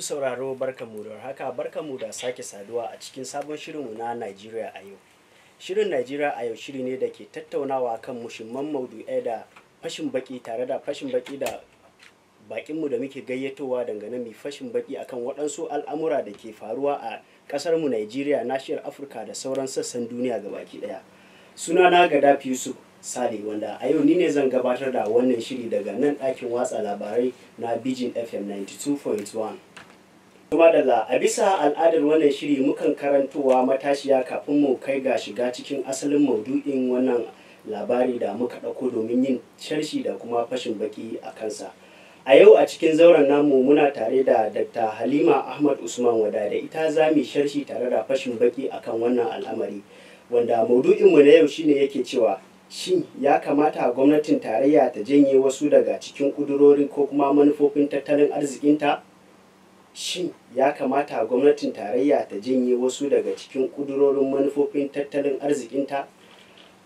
masu sauraro barkamu da haka barkamu da sake saduwa a cikin sabon shirinmu na Najeriya a yau. Shirin Najeriya a yau shiri ne da ke tattaunawa kan mushimman maudu'ai da fashin baki tare da fashin baki da bakinmu da muke gayyatowa dangane mai fashin baki akan waɗansu al'amura da ke faruwa a ƙasarmu Najeriya, nashiyar Afirka da sauran sassan duniya gabaki ɗaya. Sunana gada Yusuf Sale wanda a yau ni ne zan gabatar da wannan shiri daga nan ɗakin watsa labarai na Bijin FM 92.1. Kuma daga a bisa al'adar wannan shiri mukan karantowa matashiya kafin mu kai ga shiga cikin asalin maudu'in wannan labari da muka ɗauko domin yin sharshi da kuma fashin baki a kansa. A yau a cikin zauren namu muna tare da Dr. Halima Ahmad Usman wada da ita za mu sharshi tare da fashin baki akan wannan al'amari. Wanda maudu'inmu na yau shine yake cewa shin ya kamata gwamnatin tarayya ta janye wasu daga cikin ƙudurorin ko kuma manufofin tattalin arzikinta? shin ya kamata gwamnatin tarayya ta janye wasu daga cikin kudurorin manufofin tattalin arzikinta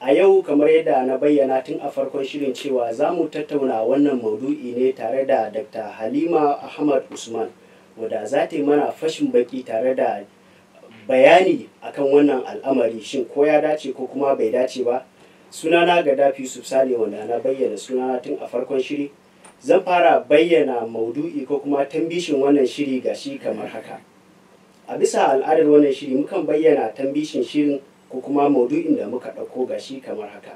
a yau kamar yadda na bayyana tun a farkon shirin cewa za mu tattauna wannan maudu'i ne tare da dr halima ahmad usman wadda za ta yi mana fashin baki tare da bayani akan wannan al'amari shin ko ya dace ko kuma bai dace ba sunana ga dafi subsale wanda na bayyana sunana tun a farkon shiri zan fara bayyana maudu'i ko kuma tambishin wannan shiri ga shi kamar haka a bisa al'adar wannan shiri mukan bayyana tambishin shirin ko kuma maudu'in da muka ɗauko ga shi kamar haka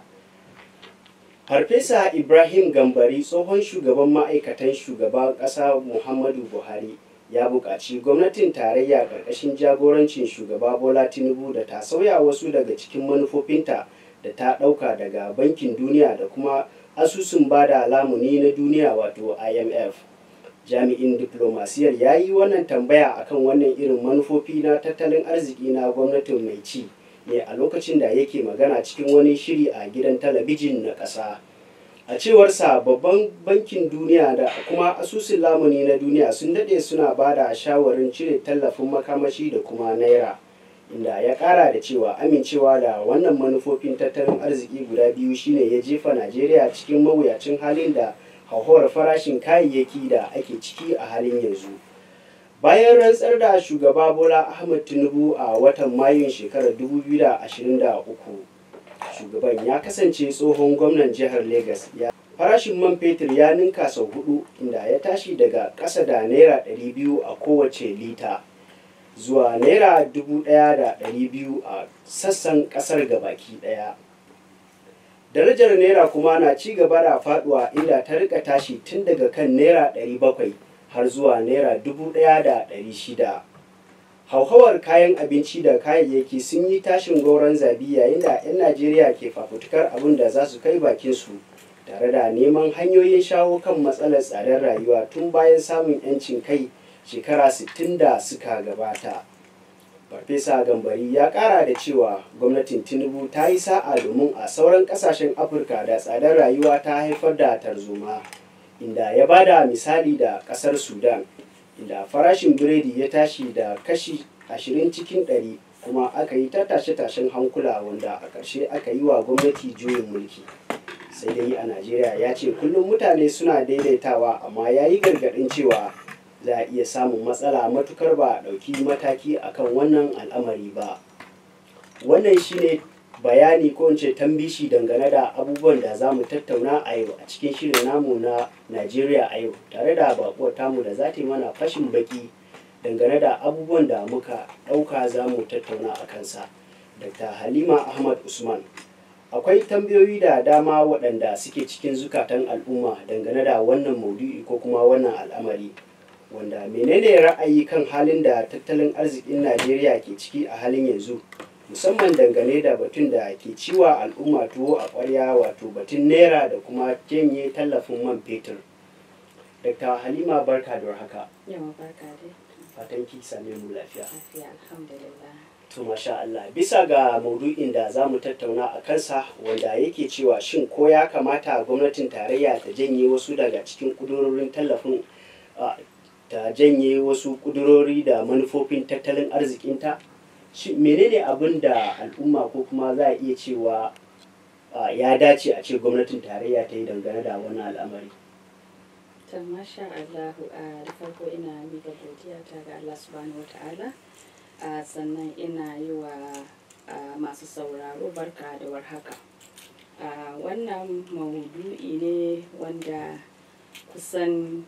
farfesa ibrahim gambari tsohon shugaban ma'aikatan shugaban ƙasa muhammadu buhari ya buƙaci gwamnatin tarayya ƙarƙashin jagorancin shugaba bola tinubu da ta sauya wasu daga cikin manufofinta da ta ɗauka daga bankin duniya da kuma asusun bada lamuni na duniya wato imf jami'in diplomasiyar ya yi wannan tambaya akan wannan irin manufofi na tattalin arziki na gwamnatin mai ci ne a lokacin da yake magana cikin wani shiri a gidan talabijin na ƙasa a cewarsa babban bankin duniya da kuma asusun lamuni na duniya sun daɗe suna ba da shawarin cire tallafin makamashi da kuma naira inda ya kara da cewa amincewa da wannan manufofin tattalin arziki guda biyu shine ya jefa najeriya cikin mawuyacin halin da hauhawar farashin kayayyaki da ake ciki a halin yanzu bayan rantsar da shugaba bola Ahmed tinubu a watan mayun shekarar 2023 shugaban ya kasance tsohon gwamnan jihar lagos ya farashin man fetur ya ninka sau hudu inda ya tashi daga ƙasa da naira 200 a kowace lita zuwa naira dubu ɗaya da ɗari biyu a sassan ƙasar baki ɗaya darajar naira kuma na ci gaba da faduwa inda ta rika tashi tun daga kan naira ɗari bakwai har zuwa naira dubu ɗaya da ɗari shida hauhawar kayan abinci da kayayyaki sun yi tashin gauron zabi yayin da 'yan najeriya ke fafutukar abin da za su kai su tare da neman hanyoyin shawo kan matsalar tsadar rayuwa tun bayan samun 'yancin kai shekara 60 da suka gabata farfesa gambari ya kara da cewa gwamnatin tinubu ta yi sa'a domin a sauran kasashen afirka da tsadar rayuwa ta haifar da tarzoma inda ya ba da misali da kasar sudan inda farashin biredi ya tashi da kashi 20 cikin 100 kuma aka yi ta tashe-tashen hankula wanda a ƙarshe aka yi wa gwamnati juyin mulki sai dai a najeriya ya ce kullum mutane suna daidaitawa amma ya yi gargaɗin cewa za a iya samun matsala matukar ba a ɗauki mataki akan wannan al'amari ba wannan shine bayani ko ce tambishi dangane da abubuwan da za mu tattauna a yau a cikin shirin namu na najeriya a yau tare da bakuwar tamu da za ta yi mana fashin baki dangane da abubuwan da muka ɗauka za mu tattauna a kansa dr halima ahmad usman akwai tambayoyi da dama waɗanda suke cikin zukatan al'umma dangane da wannan maudu'i ko kuma wannan al'amari wanda menene ra'ayi kan halin da tattalin arzikin najeriya ke ciki a halin yanzu musamman dangane da batun da ke ciwa al'umma tuwo a kwarya wato batun naira da kuma janye tallafin man fetur dr halima barka da haka fatan ki same mu lafiya to masha Allah bisa ga maudu'in da za mu tattauna a kansa wanda yake cewa shin ko ya kamata gwamnatin tarayya ta janye wasu daga cikin kudurorin tallafin ta janye wasu ƙudurori da manufofin tattalin arzikinta menene abin da al'umma ko kuma za a iya cewa ya dace a ce gwamnatin tarayya ta yi dangane da wani al'amari ta da farko ina miƙa godiya ta ga Allah wata'ala sannan ina yi wa masu sauraro barka da warhaka wannan maudu'i ne wanda kusan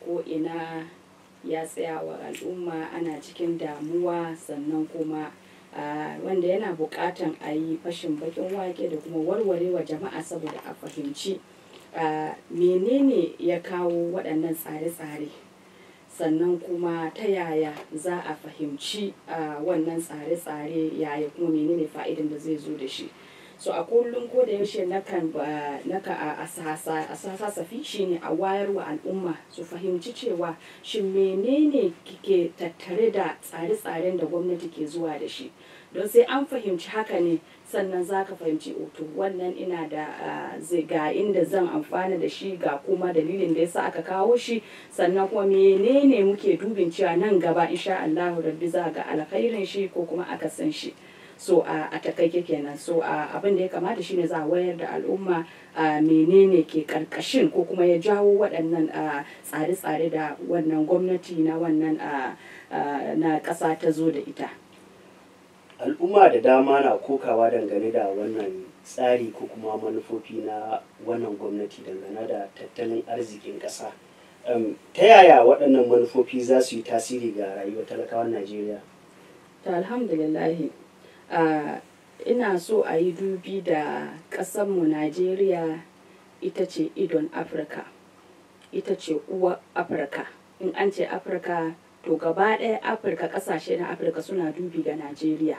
ko ina ya tsaya wa al'umma ana cikin damuwa sannan kuma wanda yana bukatan a yi fashin bakin wake da kuma warware wa jama'a saboda a fahimci menene ya kawo waɗannan tsare-tsare sannan kuma ta yaya za a fahimci wannan tsare-tsare yaya kuma menene fa'idan da zai zo da shi. so a kullum ko da yaushe nakan naka a safi shine a wayarwa al'umma su fahimci cewa shi menene kike tattare da tsare-tsaren da gwamnati ke zuwa da shi don sai an fahimci haka ne sannan za ka fahimci oto oh, wannan ina da zai ga inda zan amfana da shi ga kuma dalilin da yasa aka kawo shi sannan kuma menene muke dubin cewa nan gaba insha Allah rabbi za ga alkhairin shi ko kuma aka san shi so a takaike kenan so abin da ya kamata shine za a wayar da al'umma menene ke karkashin ko kuma ya jawo waɗannan tsare-tsare da wannan gwamnati na wannan na ƙasa ta zo da ita al'umma da dama na kokawa dangane da wannan tsari ko kuma manufofi na wannan gwamnati dangane da tattalin arzikin ƙasa ta yaya waɗannan manufofi za su yi tasiri ga rayuwar talakawan najeriya alhamdulillahi ina so a yi dubi da kasanmu najeriya ita ce idon afirka ita ce uwa afirka in an ce afirka to gaba ɗaya afirka ƙasashe na afirka suna dubi ga najeriya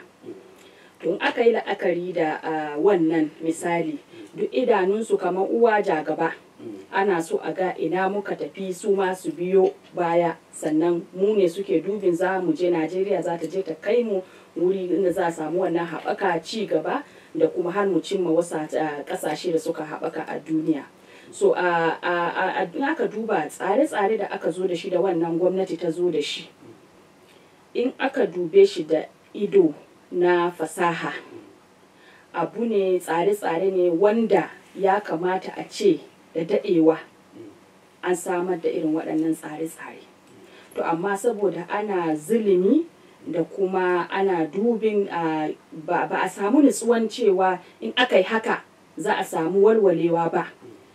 tun aka yi la'akari da wannan misali duk idanunsu kamar uwa ja gaba ana so a ga ina muka tafi su ma su biyo baya sannan mu ne suke dubin za mu je najeriya za ta je ta kai mu wuri inda za a samu wannan haɓaka ci gaba da kuma har mu cimma wasa eh, ƙasashe da suka haɓaka a duniya so a aka duba tsare-tsare da aka zo da shi da wannan gwamnati ta zo da shi in aka dube shi da ido na fasaha abu ne tsare-tsare ne wanda ya kamata a ce da daɗewa an samar da irin waɗannan tsare-tsare to amma saboda ana zulumi da kuma ana dubin ba, a samu nutsuwan cewa in aka yi haka za a samu walwalewa ba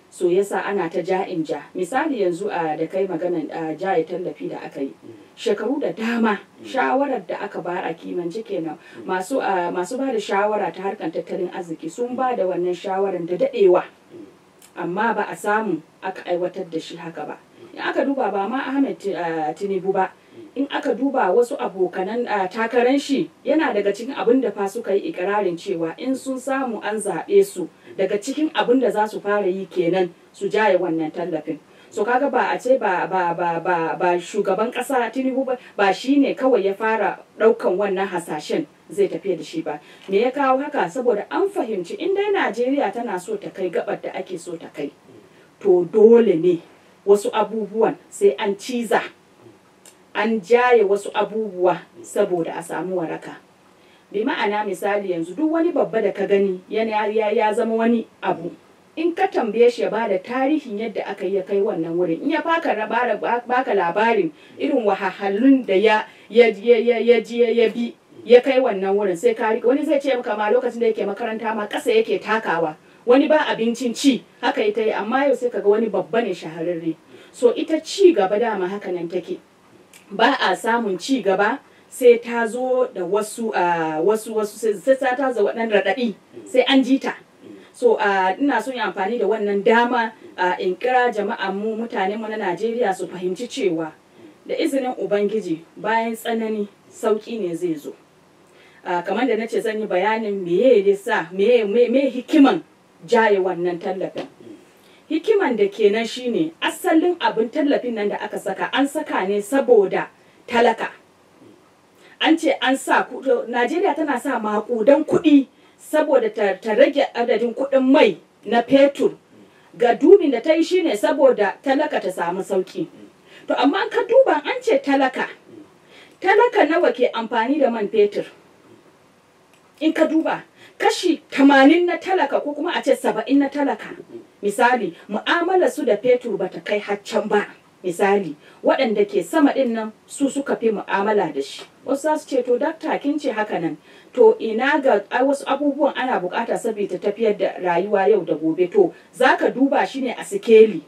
so yasa ana ta ja'in ja misali yanzu a da kai maganan jaye tallafi da aka yi shekaru da dama shawarar da aka ba a kimanci kenan masu masu ba da shawara ta harkar tattalin arziki sun ba da wannan shawarar da dadewa amma ba a samu aka aiwatar da shi haka ba in aka duba ba ma ahmed eh, tinubu ba in aka duba wasu abokanan takaran shi yana daga cikin abin da fa suka yi ikirarin cewa in sun samu an zaɓe su daga cikin abin da za su fara yi kenan su jaye wannan tallafin so kaga ba a ce ba ba ba ba ba shugaban kasa tinubu ba ba shine kawai ya fara daukan wannan hasashen zai tafi da shi ba me ya kawo haka saboda an fahimci in dai najeriya tana so ta kai gabar da ake so ta kai to dole ne wasu abubuwan sai an ciza an jaye wasu abubuwa saboda a samu waraka bi ma'ana misali yanzu duk wani babba da ka gani yana ya, zama wani abu in ka tambaye shi ya bada tarihin yadda aka yi ya kai wannan wurin in ya baka baka labarin irin wahalhalun da ya ya ya ya bi ya kai wannan wurin sai ka wani zai ce maka ma lokacin da yake makaranta ma kasa yake takawa wani ba abincin ci haka ita yi amma yau sai kaga wani babba ne shahararre so ita ci gaba dama haka nan take ba a samun ci gaba sai ta zo da wasu wasu wasu sai ta zo waɗannan raɗaɗi sai an jita so ina son yi amfani da wannan dama in kira jama'a mu mutane mu na Najeriya su fahimci cewa da izinin ubangiji bayan tsanani sauki ne zai zo kamar da na ce zan yi bayanin meye sa meye hikiman jaye wannan tallafin hikiman da kenan shine asalin abin tallafin nan da aka saka an saka ne saboda talaka an ce an sa najeriya tana sa makudan kuɗi saboda ta rage adadin kuɗin mai na fetur ga dubin da ta yi shine saboda talaka ta samu sauki to amma ka duba an ce talaka talaka nawa ke amfani da man fetur in ka duba kashi 80 na talaka ko kuma a ce 70 na talaka misali mu'amala su da fetur bata kai haccan ba misali waɗanda ke sama ɗin nan su suka fi mu'amala da shi wasu su ce to dakta kin ce haka nan to ina ga wasu abubuwan ana bukata saboda tafiyar da rayuwa yau da gobe to zaka duba shi ne a sikeli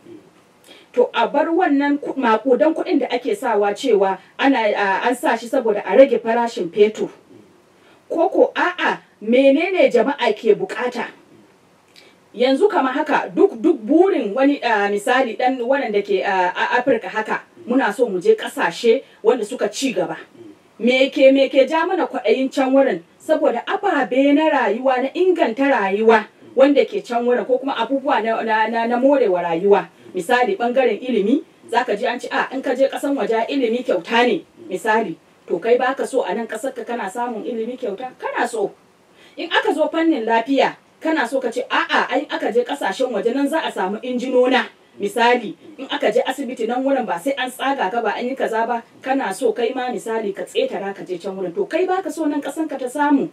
to a bar wannan makudan kuɗin da ake sawa cewa ana an sa shi saboda a rage farashin fetur koko a'a menene jama'a ke bukata yanzu kama haka duk duk burin wani uh, misali dan da ke uh, afirka haka muna so mu je kasashe wanda suka ci gaba meke meke ja mana kwaɗayin can wurin saboda ababe na rayuwa na inganta rayuwa wanda ke can wurin ko kuma abubuwa na, na, na, na morewa rayuwa misali bangaren ilimi zaka ji an ci a in ka je kasan waje ilimi kyauta ne misali to kai baka so a nan ƙasar ka kana samun ilimi kyauta kana so in aka zo fannin lafiya kana so ka ce a'a ai aka je kasashen waje nan za a samu injinona misali in aka je asibiti nan wurin ba sai an tsaga ka ba an yi kaza ba kana so kai ma misali ka tsetara ka je can wurin to kai baka so nan kasan ka ta samu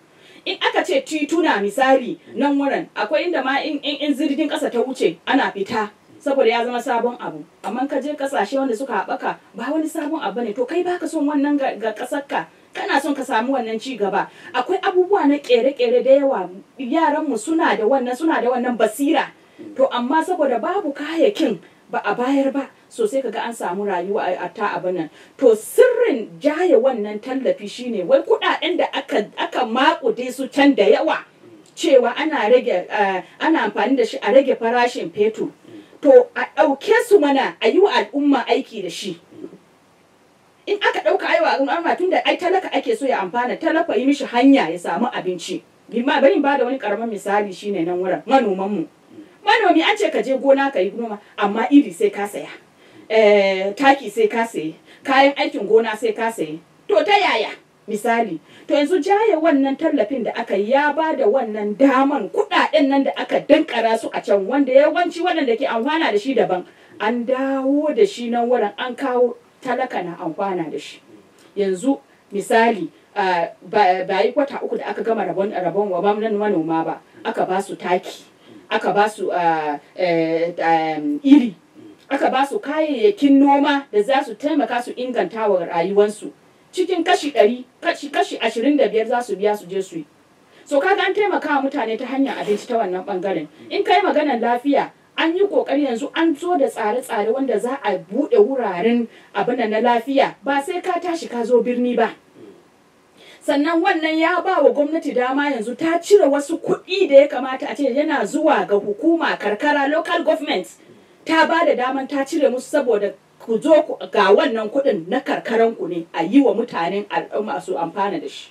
in aka ce tituna misali nan wurin akwai inda ma in in in zirgin kasa ta wuce ana fita saboda ya zama sabon abu amma ka je kasashe wanda suka haɓaka ba wani sabon abu ne to kai baka son wannan ga kasar ka kana son ka samu wannan ci gaba akwai abubuwa na kere-kere da yawa yaran mu suna da wannan suna da wannan basira to amma saboda babu kayakin ba a bayar ba sosai kaga an samu rayuwa a ta abin nan to sirrin jaye wannan tallafi shine wai kudaden da aka aka makude su can da yawa cewa ana rage eh, ana amfani da shi a rage farashin fetur to a ɗauke su mana a yi wa al'umma aiki da shi in aka ɗauka aiwa al'umma tun da ai talaka ake so ya amfana talaka yi mishi hanya ya samu abinci bima bari ba da wani karamin misali shine nan wurin manoman mu manomi an ce ka je gona ka yi noma amma iri sai ka saya eh, taki sai ka saye kayan aikin gona sai ka sayi to ta yaya misali to yanzu jaya wannan tallafin da aka ya ba da wannan daman kudaden nan da aka dankara su a can wanda yawanci waɗanda ke amfana da shi daban an dawo da shi nan wurin an kawo talaka na amfana da shi yanzu misali ba yi kwata uku da aka gama rabon rabon wa manoma ba aka ba su taki aka ba su e, iri aka ba su kayayyakin noma da za su taimaka su inganta wa rayuwansu cikin kashi ɗari kashi ashirin da biyar za su biya su je su yi so kaga an taimaka mutane ta hanyar abinci ta wannan bangaren in kai maganar lafiya an yi kokari yanzu an zo da tsare-tsare wanda za a buɗe wuraren abin na lafiya ba sai ka tashi ka zo birni ba sannan wannan ya ba wa gwamnati dama yanzu ta cire wasu kuɗi da ya kamata a ce yana zuwa ga hukuma karkara local government ta ba da daman ta cire musu saboda ku zo ga wannan kuɗin na karkaranku ne a yi wa mutanen al'umma su amfana da shi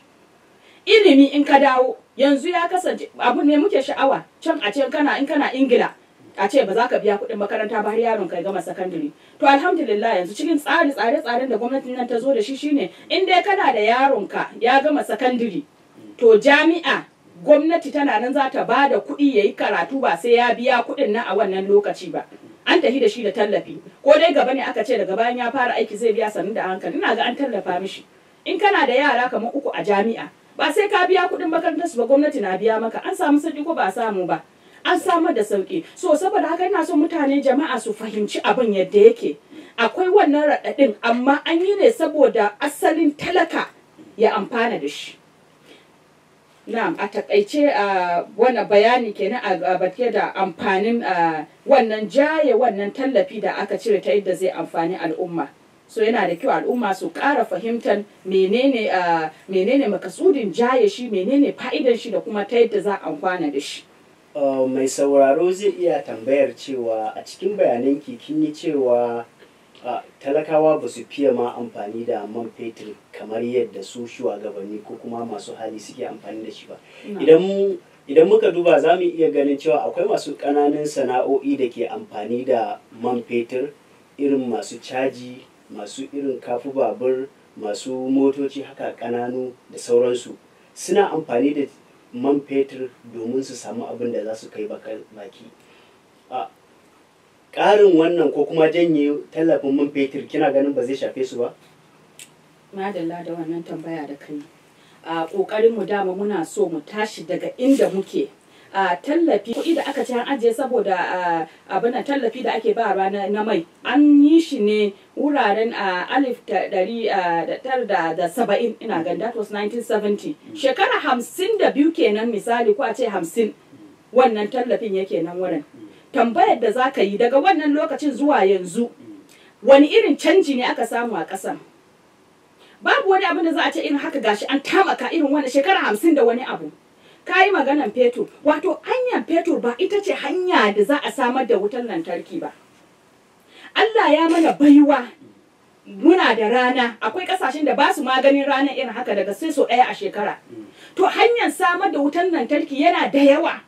ilimi in ka dawo yanzu ya kasance abu ne muke sha'awa can a can kana in kana ingila a ce ba za ka biya kuɗin makaranta ba har yaron kai gama sakandare to alhamdulillah yanzu cikin tsari tsare tsaren da gwamnatin nan ta zo da shi shine in dai kana da yaron ka ya gama sakandare to jami'a gwamnati tana nan za ta ba da kuɗi ya yi karatu ba sai ya biya kuɗin na a wannan lokaci ba an tafi da shi da tallafi ko dai gaba ne aka ce daga bayan ya fara aiki zai biya sannu da hankali ina ga an tallafa mishi in kana da yara kamar uku a jami'a ba sai ka biya kuɗin makarantar su ba gwamnati na biya maka an samu sauki ko ba samu ba an samar da sauki so saboda haka ina so mutane jama'a su fahimci abin yadda yake akwai wannan raɗaɗin amma an yi ne saboda asalin talaka ya amfana da shi na'am a takaice a wannan bayani kenan a batke da amfanin wannan jaye wannan tallafi da aka cire ta yadda zai amfani al'umma so yana da kyau al'umma su ƙara fahimtar menene menene makasudin jaye shi menene fa'idan shi da kuma ta yadda za a amfana da shi Eh, mai sauraro zai iya tambayar cewa a cikin bayanan kin yi cewa eh, talakawa ba su fiye ma amfani da man fetur kamar yadda su shugabanni ko kuma masu hali suke amfani da shi ba idan muka duba za mu iya ganin cewa akwai masu ƙananan sana'o'i da ke amfani da man fetur irin masu caji masu irin kafu babur masu motoci haka ƙananu da sauransu suna amfani da man fetur domin su samu abin da za su kai baki a ƙarin wannan ko kuma janye tallafin man fetur kina ganin ba zai shafe su ba madalla da wannan tambaya da kai a ƙoƙarin mu dama muna so mu tashi daga inda muke A tallafi kuɗi da aka ci an ajiye saboda abin tallafi da ake ba rana na mai an yi shi ne wuraren a alif dari da da saba'in ina gan that was 1970 shekara hamsin da biyu kenan misali ko a ce hamsin wannan tallafin yake nan wurin tambayar da za ka yi daga wannan lokacin zuwa yanzu wani irin canji ne aka samu a ƙasa babu wani abin da za a ce irin haka gashi an tamaka irin wannan shekara hamsin da wani abu ka yi maganan fetur wato hanyar fetur ba ita ce hanya da za a samar da wutar lantarki ba Allah ya mana baiwa muna da rana akwai kasashen da ba su maganin ranar irin haka daga sai so ɗaya a shekara to hanyar samar da wutar lantarki yana da yawa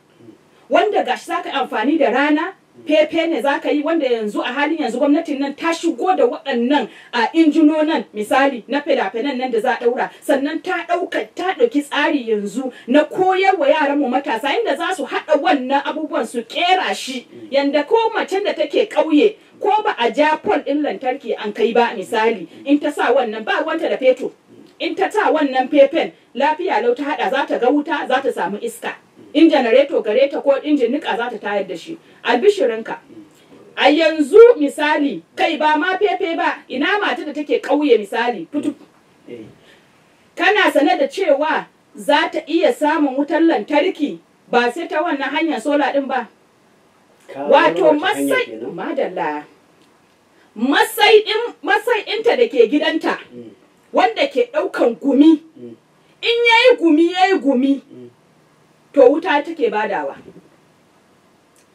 wanda gashi za ka amfani da rana fefe ne za ka yi wanda yanzu a halin yanzu gwamnatin nan ta shigo da waɗannan a injinonan misali na fedafenan nan da za a ɗaura sannan ta ɗauka ta ɗauki tsari yanzu na koyar wa yaran mu matasa inda za su haɗa wannan abubuwan su ƙera shi yanda ko macen da take ƙauye ko ba a ja pol ɗin lantarki an kai ba misali in ta sa wannan ba wanta da feto in ta ta wannan fefen lafiya lau ta haɗa za ta ga wuta za ta samu iska in janareto gare ta ko injin nika za ta tayar da shi A albishirinka a yanzu misali kai ba ma fefe ba ina mata da take ƙauye misali fitu eh. kana sane da cewa za ta iya samun wutar lantarki ba sai ta wannan hanyar sola din ba wato masai madalla masai inta da ke gidanta mm. wanda ke ɗaukan gumi mm. in yayi gumi yayi gumi mm. to wuta take badawa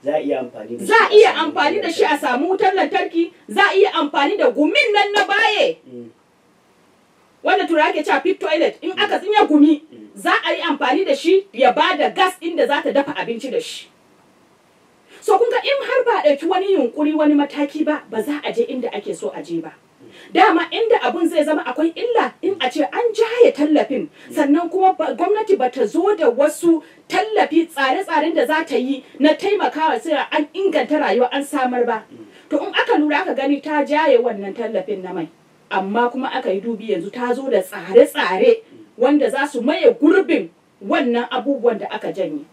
za a iya amfani da za iya amfani da shi a samu wutar lantarki za iya amfani da gumin nan na baye mm. wanda tura ke cewa pit toilet in mm. aka tsinya gumi mm. za a yi amfani da shi ya ba da gas inda za ta dafa abinci da shi so kun ga in har ba a ɗauki wani yunkuri wani mataki ba ba za a je inda ake so a je ba dama inda abun zai zama akwai illa in a ce an jaye tallafin sannan kuma gwamnati bata zo da wasu tallafi tsare-tsaren da za ta yi na taimakawa sai an inganta rayuwa an samar ba to in aka lura aka gani ta jaye wannan tallafin na mai amma kuma aka yi dubi yanzu ta zo da tsare-tsare wanda za su maye gurbin wannan abubuwan da aka janye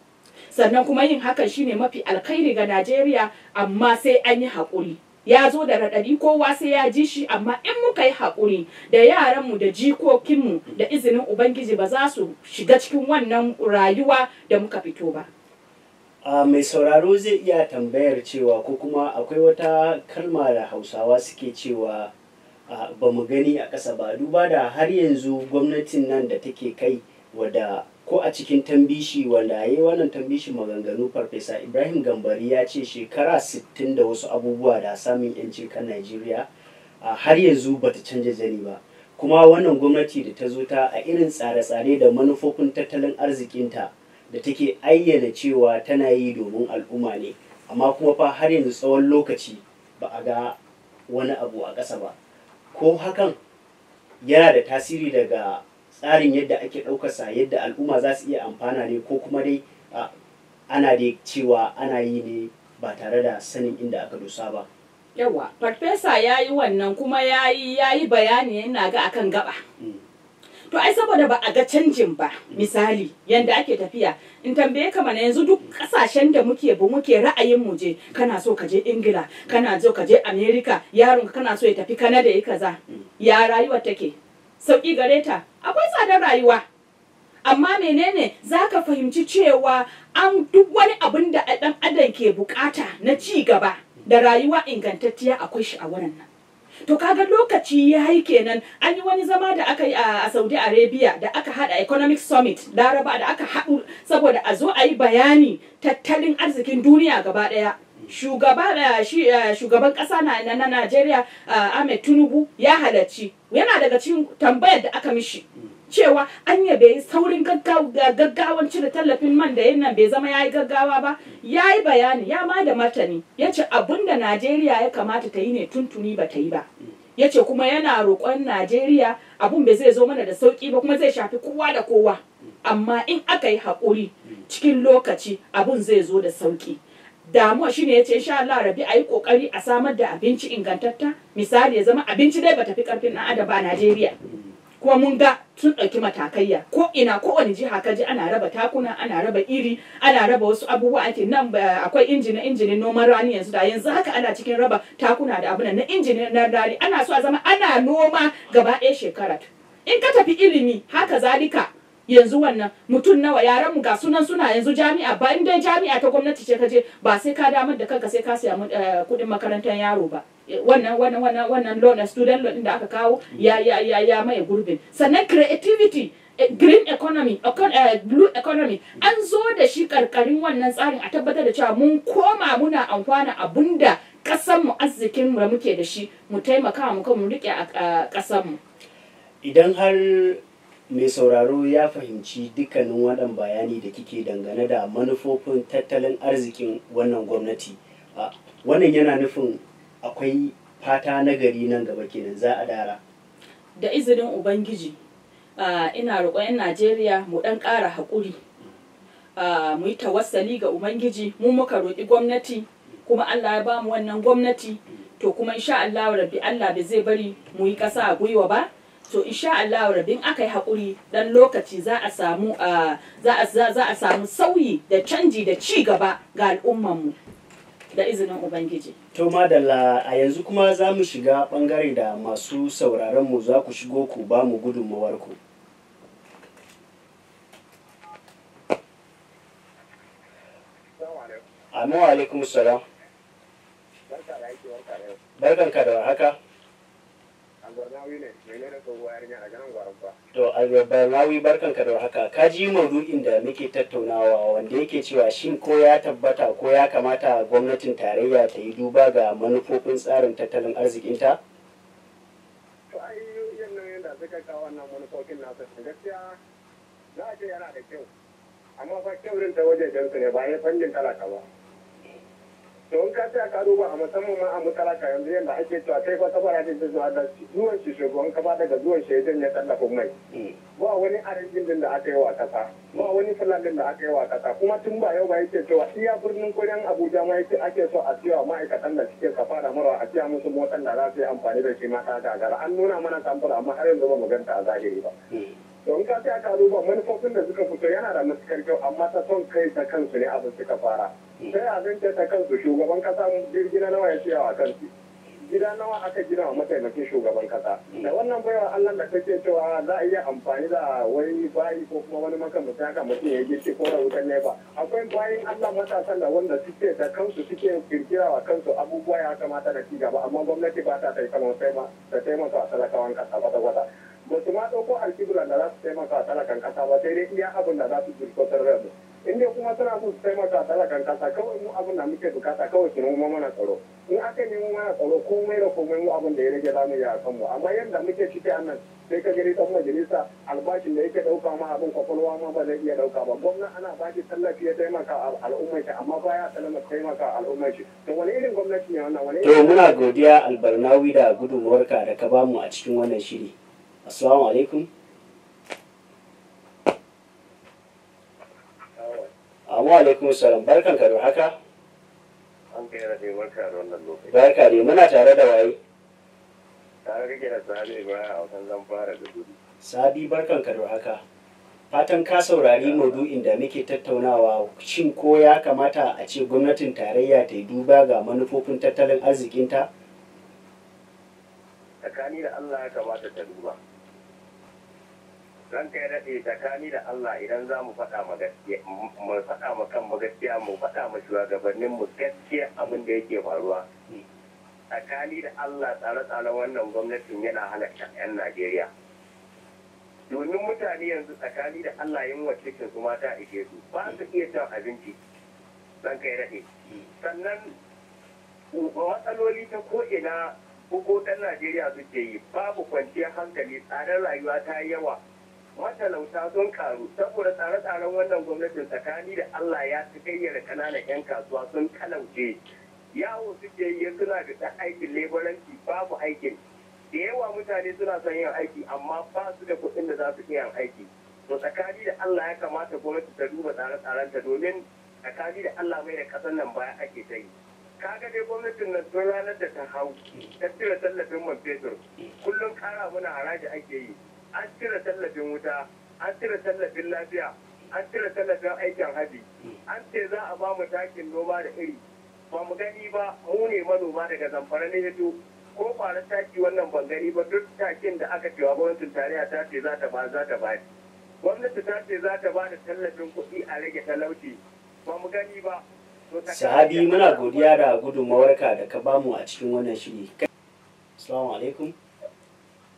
sannan kuma yin hakan shine mafi alkhairi ga Najeriya amma sai an yi haƙuri ya zo da raɗaɗi kowa sai ya ji shi amma in muka yi haƙuri da yaranmu da jikokinmu da izinin ubangiji ba za su shiga cikin wannan rayuwa da muka fito ba a mai sauraro zai iya tambayar cewa ko kuma akwai wata kalma da hausawa suke cewa ba mu gani a ƙasa ba duba da har yanzu gwamnatin nan da take kai wada ko a cikin tambishi wanda ya yi wannan tambishi maganganu farfesa ibrahim gambari ya ce shekara 60 da wasu abubuwa da samun yanci kan najeriya har yanzu bata canja zani ba kuma wannan gwamnati da ta zo ta a irin tsare-tsare da manufofin tattalin arzikinta da take ayyana cewa tana yi domin al'umma ne amma kuma fa har yanzu tsawon lokaci ba a ga wani abu a ƙasa ba ko hakan yana da tasiri daga tsarin yadda ake ɗaukarsa yadda al'umma za su iya amfana ne ko kuma dai ana da cewa ana yi ne ba tare da sanin inda aka dosa ba. Yawa, farfesa ya yi wannan kuma ya yi bayani yana ga akan gaba. Mm. To ai saboda ba a ga canjin ba mm. misali yadda ake tafiya in tambaye ka mana yanzu duk kasashen da muke bu muke ra'ayin muje, je kana so ka je Ingila kana so ka je America yaron kana so ya tafi Canada ya kaza mm. ya rayuwar take. sauki gare ta akwai tsadar rayuwa amma menene za ka fahimci cewa an duk wani abin da ɗan adam ke bukata na ci gaba da rayuwa ingantacciya akwai shi a wurin nan to kaga lokaci ya yi kenan an yi wani zama da aka yi a saudi arabia da aka hada economic summit laraba da aka haɗu saboda a zo a yi bayani tattalin arzikin duniya gaba ɗaya Eh, shugaban kasa na na Najeriya eh, Ahmed Tinubu ya halarci yana daga cikin tambayar da aka mishi cewa an yabe saurin gaggawan cire tallafin man da yin nan bai zama ya yi gaggawa ba ya yi bayani ya ma da martani yace ce da najeriya ya kamata ta yi ne tuntuni ba ta yi ba yace kuma yana roƙon najeriya abun bai zai zo mana da sauƙi ba kuma zai shafi kowa da kowa amma in aka yi haƙuri cikin lokaci abun zai zo da sauƙi damuwa shine ya ce sha Allah rabi a kokari a samar da abinci ingantatta misali ya zama abinci dai bata fi karfin ɗan adam a Najeriya kuma mun ga tun ɗauki matakaiya ko ina ko wani jiha kaji ana raba takuna ana raba iri ana raba wasu abubuwa ake nan akwai injinin injinin noman rani yanzu da yanzu haka ana cikin raba takuna da abunan na injinin na rani ana so a zama ana noma gaba ɗaya shekara in ka tafi ilimi haka zalika yanzu wannan mutum nawa yaran mu ga sunan suna yanzu jami'a ba in dai jami'a ta gwamnati ce kaje ba sai ka damar da kanka sai ka siya eh, kudin makarantar yaro ba eh, wannan wannan wannan wannan loan student loan da aka kawo ya ya ya mai gurbin sannan creativity eh, green economy blue economy an zo da shi karkarin wannan tsarin a tabbatar da cewa mun koma muna amfana abunda kasan mu arzikin mu da muke da shi mu taimaka mu kan mu rike a kasan mu idan har mai sauraro ya fahimci dukkanin waɗan bayani da kike dangane da manufofin tattalin arzikin wannan gwamnati wannan yana nufin akwai fata na gari nan gaba kenan za a dara da izinin ubangiji ina roƙon 'yan najeriya mu ɗan ƙara haƙuri mu yi tawassali ga ubangiji mu muka roƙi gwamnati kuma allah ya bamu wannan gwamnati to kuma insha allah rabbi allah bai zai bari mu yi ƙasa a gwiwa ba to insha Allah rabin aka yi haƙuri dan lokaci za a samu za a samu sauyi da canji da ci gaba ga al'ummanmu da izinin ubangiji to madalla a yanzu kuma za mu shiga ɓangare da masu sauraron mu za ku shigo ku ba mu gudunmawar ku alaikum. wa alaikum salam. Barkanka da haka. To Albarnawi barkan ka da haka ka ji maudu'in da muke tattaunawa wanda yake cewa shin ko ya tabbata ko ya kamata gwamnatin tarayya ta yi duba ga manufofin tsarin tattalin arzikinta? To ai da suka kawo wannan manufofin nasu gaskiya za a ce yana da kyau amma fa kyau ta wajen su ne ba ya fangin talaka ba. don ka ta a ba a musamman ma a mutalaka yanzu yadda ake cewa kai fa tabara ne da zuwa da zuwan shi shugaban kafa daga zuwan shi ya ya tallafa mai hmm. ba wani arzikin din da aka yi wa kasa ba wani filan da aka yi wa kasa kuma tun ba yau ba yake cewa iya birnin kudin abuja ma yake ake so a siya ma'aikatan da suke kafa da mura a siya musu motsan da za su yi amfani da shi ma ta gagara an nuna mana samfura amma har yanzu ba mu ganta a zahiri ba hmm. don ka sai aka duba manufofin da suka fito yana da matukar kyau amma ta son kai ta kansu ne abin suka fara sai abin ta kansu shugaban kasa jirgina nawa ya ciyawa kansu gida nawa aka gina wa mataimakin shugaban kasa da wannan baiwa allah da kake cewa za a iya amfani da wani bayi ko kuma wani makamata haka mutum ya girki ko da wutan nefa akwai bayin allah matasan da wanda suke da kansu suke kirkira wa kansu abubuwa ya kamata da ci gaba amma gwamnati ba ta taimaka sai ma ta taimaka a talakawan kasa kwata ba su ma ɗauko alkibra da za su taimaka talakan ƙasa ba sai dai iya abin da za su jirkotar da in dai kuma suna so su taimaka talakan ƙasa kawai mu abin da muke bukata kawai su nemo mana tsaro in aka nemo mana tsaro komai da komai mu abin da ya rage zamu yi a kanmu amma yadda muke ciki a nan sai ka gani ɗan majalisa albashin da yake ɗauka ma abin kwakwalwa ma ba zai iya ɗauka ba gwamna ana ba shi tallafi ya taimaka al'ummar shi amma baya salama taimaka al'ummar shi to wani irin gwamnati ne wannan wani to muna godiya albarnawi da gudunmuwarka da ka bamu a cikin wannan shiri السلام عليكم salam barkan ka da haka an kai rade barka da wannan lokaci barka dai muna tare da waye tare kake da sabi ba a wasan zan fara barkan ka da haka fatan ka saurari da muke tattaunawa shin ko kamata a ce gwamnatin tarayya ta duba ga manufofin tattalin arzikinta tsakani da allah kamata ta duba ranka ya daɗe tsakani da Allah idan za mu faɗa ma gaskiya mu faɗa ma kan mu gaskiya mu faɗa ma shugabannin mu gaskiya abin da yake faruwa tsakani da Allah tsare-tsaren wannan gwamnatin yana halatta 'yan Najeriya domin mutane yanzu tsakani da Allah yin cikin su mata ishe su ba su iya cin abinci ranka ya daɗe sannan matsaloli ta ko'ina ina ɗan Najeriya suke yi babu kwanciyar hankali tsadar rayuwa ta yawa matalauta sun karu saboda tsare-tsaren wannan gwamnatin tsakani da Allah ya ci gayyar kananan 'yan kasuwa sun kalauce yawo suke yi suna da ta aikin leburanci babu aikin da yawa mutane suna son yin aiki amma ba su da kuɗin da za su iya aiki to tsakani da Allah ya kamata gwamnati ta duba tsare-tsarenta domin tsakani da Allah mai da ƙasar nan baya ake ta yi kaga dai gwamnatin nan sun ranar da ta hau ta cire tallafin man fetur kullum kara muna haraji ake yi an cire tallafin wuta an cire tallafin lafiya an cire tallafin aikin haji an ce za a ba mu takin noma da iri ba mu gani ba mu ne manoma daga zamfara ne hito ko fara taki wannan ban gani ba duk takin da aka cewa gwamnatin tarayya ta ce za ta ba za ta ba gwamnati ta ce za ta ba da tallafin kuɗi a rage talauci ba mu gani ba sahabi muna godiya da gudunmawarka da ka bamu a cikin wannan shiri assalamu alaikum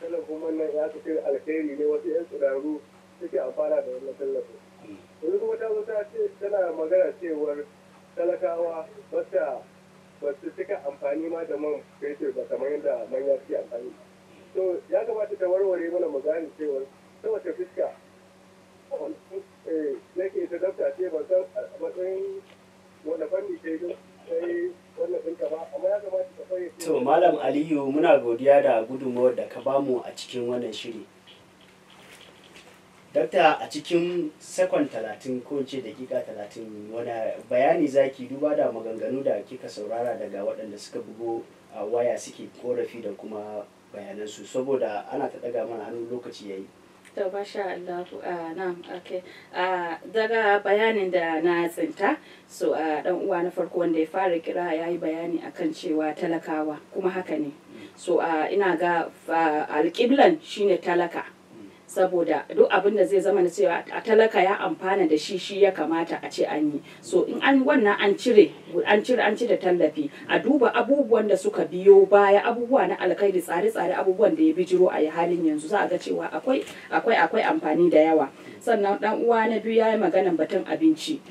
tallafin wannan ya fi alheri ne wasu 'yan tsiraru suke amfana da wannan tallafin yanzu kuma ta zo ta ce tana magana cewar talakawa wata ba su cika amfani ma da man fetur ba kamar yadda manya suke amfani to ya kamata ta warware mana mu gane cewar ta wace fuska eh, nake ta dabta ce ba san matsayin wanda fanni ce to malam aliyu muna godiya da gudunmawar da ka bamu a cikin wannan shiri dakta a cikin sekon talatin ko ce dakika talatin wani bayani zaki duba da maganganu da kika saurara daga waɗanda suka bugo a waya suke korafi da kuma bayanansu saboda ana ta ɗaga mana hannu lokaci yayi to masha Allah uh, ah, okay uh, daga bayanin da na tsinta so uh, dan uwa na farko wanda ya fara kira yayi bayani akan cewa talakawa kuma haka ne so uh, ina ga uh, alƙiblan shine talaka saboda duk abin da zai zama na cewa a talaka ya amfana da shi shi ya kamata a ce an yi so in an wannan an cire an cire an cire tallafi a duba abubuwan da suka biyo baya abubuwa na alkaidi tsare-tsare abubuwan da ya bijiro a yi halin yanzu za a ga cewa akwai akwai amfani da yawa sannan dan uwa na biyu ya yi maganan batun abinci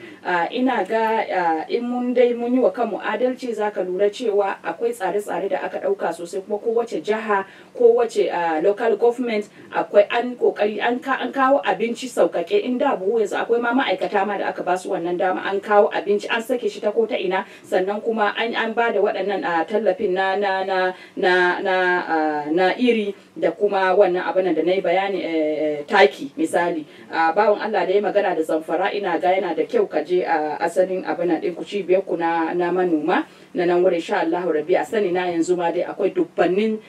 ina ga in mun dai mun yi wa kanmu adalci zaka lura cewa akwai tsare-tsare da aka ɗauka sosai kuma kowace jiha kowace local government akwai an kokari an kawo abinci sauƙaƙe in da buhu yanzu akwai ma ma'aikata ma da aka ba su wannan dama an kawo abinci an sake shi ta ko ta ina sannan kuma an ba da waɗannan tallafin na na na na na iri da kuma wannan abin da na yi bayani eh, eh, taki misali a bawan Allah da ya magana da zamfara ina ga yana da kyau ka je a asalin abin din ku cibiyar ku na manoma na nan wurin sha Allah rabi a sani na yanzu ma dai akwai dubbannin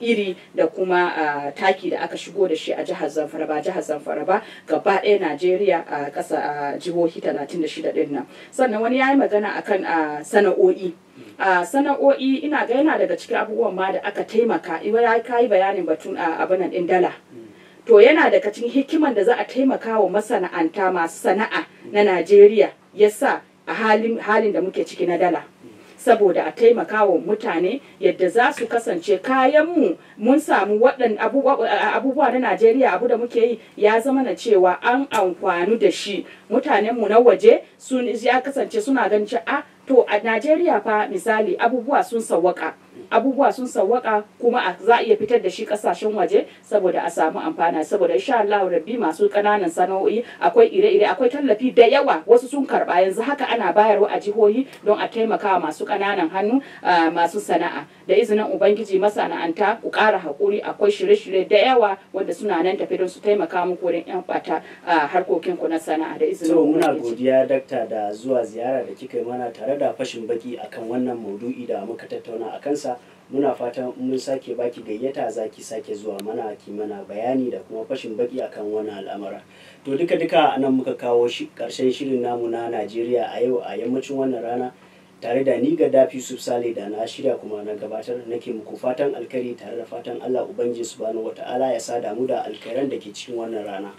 iri da kuma taki da aka shigo da shi a jihar Zamfara ba jihar Zamfara ba gaba ɗaya Najeriya a ƙasa jihohi talatin 36 ɗin nan sannan wani ya yi magana akan sana'o'i a sana'o'i ina ga yana daga cikin abubuwan ma da aka taimaka ya kai bayanin batun a abinan din dala to yana daga cikin hikiman da za a taimaka wa masana'anta masu sana'a na najeriya ya sa a halin da muke ciki na dala saboda a taimaka wa mutane yadda za su kasance kayanmu mun samu abubuwa na najeriya abu da muke yi ya zama na cewa an amfanu da shi mutanenmu na waje ya kasance suna ganin a ah, to a najeriya fa misali abubuwa sun sauwaka. abubuwa sun sawaka kuma a za a iya fitar da shi kasashen waje saboda a samu amfana saboda insha Allah rabbi masu kananan sana'o'i akwai ire-ire akwai tallafi da yawa wasu sun karba yanzu haka ana bayarwa a jihohi don a taimaka masu kananan hannu masu sana'a da izinin ubangiji masana'anta ku kara hakuri akwai shirye-shirye da yawa wanda suna nan tafi don su taimaka muku wurin yan bata harkokin ku na sana'a da izinin ubangiji. muna godiya dakta da zuwa ziyara da kika yi mana tare da fashin baki akan wannan maudu'i da muka tattauna a kansa muna fatan mun sake baki gayyata za ki sake zuwa mana ki mana bayani da kuma fashin baki akan wani al'amura to duka duka nan muka kawo karshen shirin namu na najeriya a yau a yammacin wannan rana tare da ni ga dafi su sale da na shirya kuma na gabatar nake muku fatan alkari tare da fatan allah ubangi subhanahu wataala ya sa damu da alkairan da ke cikin wannan rana